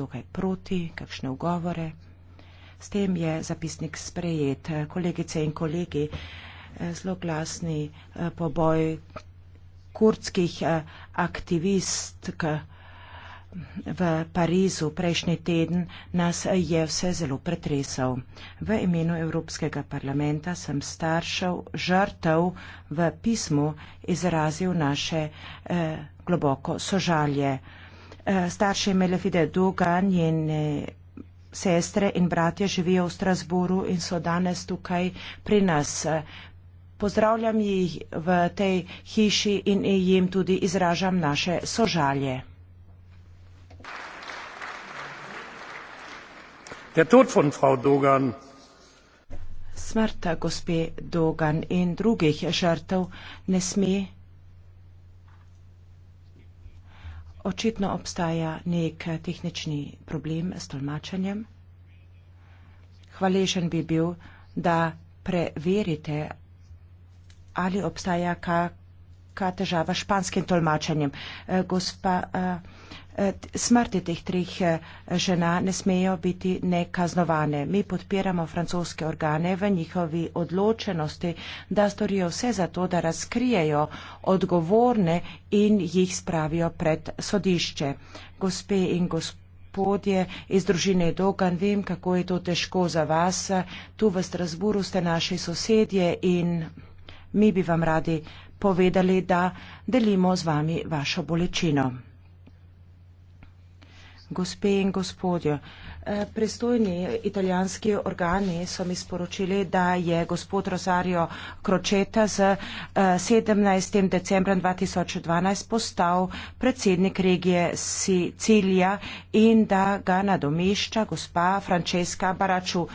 tukaj proti, kakšne ugovore. S tem je zapisnik sprejet. Kolegice in kolegi, zelo glasni eh, poboj kurdskih eh, aktivistk eh, v Parizu prejšnji teden nas je vse zelo pretresal. V imenu Evropskega parlamenta sem staršev žrtev v pismu izrazil naše eh, globoko sožalje. Eh, Eh, starše Mele Fide Dugan, njene sestre in bratje živijo v Strasburu in so danes tukaj pri nas. Pozdravljam jih v tej hiši in jim tudi izražam naše sožalje. Der Tod von Frau Dogan. Smrt gospe Dogan in drugih žrtev ne sme očitno obstaja nek eh, tehnični problem s tolmačenjem. Hvaležen bi bil, da preverite, ali obstaja kakšna težava s španskim tolmačenjem. Eh, gospa, eh, smrti teh trih eh, žena ne smejo biti nekaznovane. Mi podpiramo francoske organe v njihovi odločenosti, da storijo vse za to, da razkrijejo odgovorne in jih spravijo pred sodišče. Gospe in gospodje iz družine Dogan, vem, kako je to težko za vas. Tu v Strasburu ste naši sosedje in mi bi vam radi povedali, da delimo z vami vašo bolečino. Gospe in gospodje, eh, prestojni italijanski organi so mi sporočili, da je gospod Rosario Kročeta z 17. Eh, decembrom 2012 postal predsednik regije Sicilija in da ga nadomešča gospa Francesca Baraču.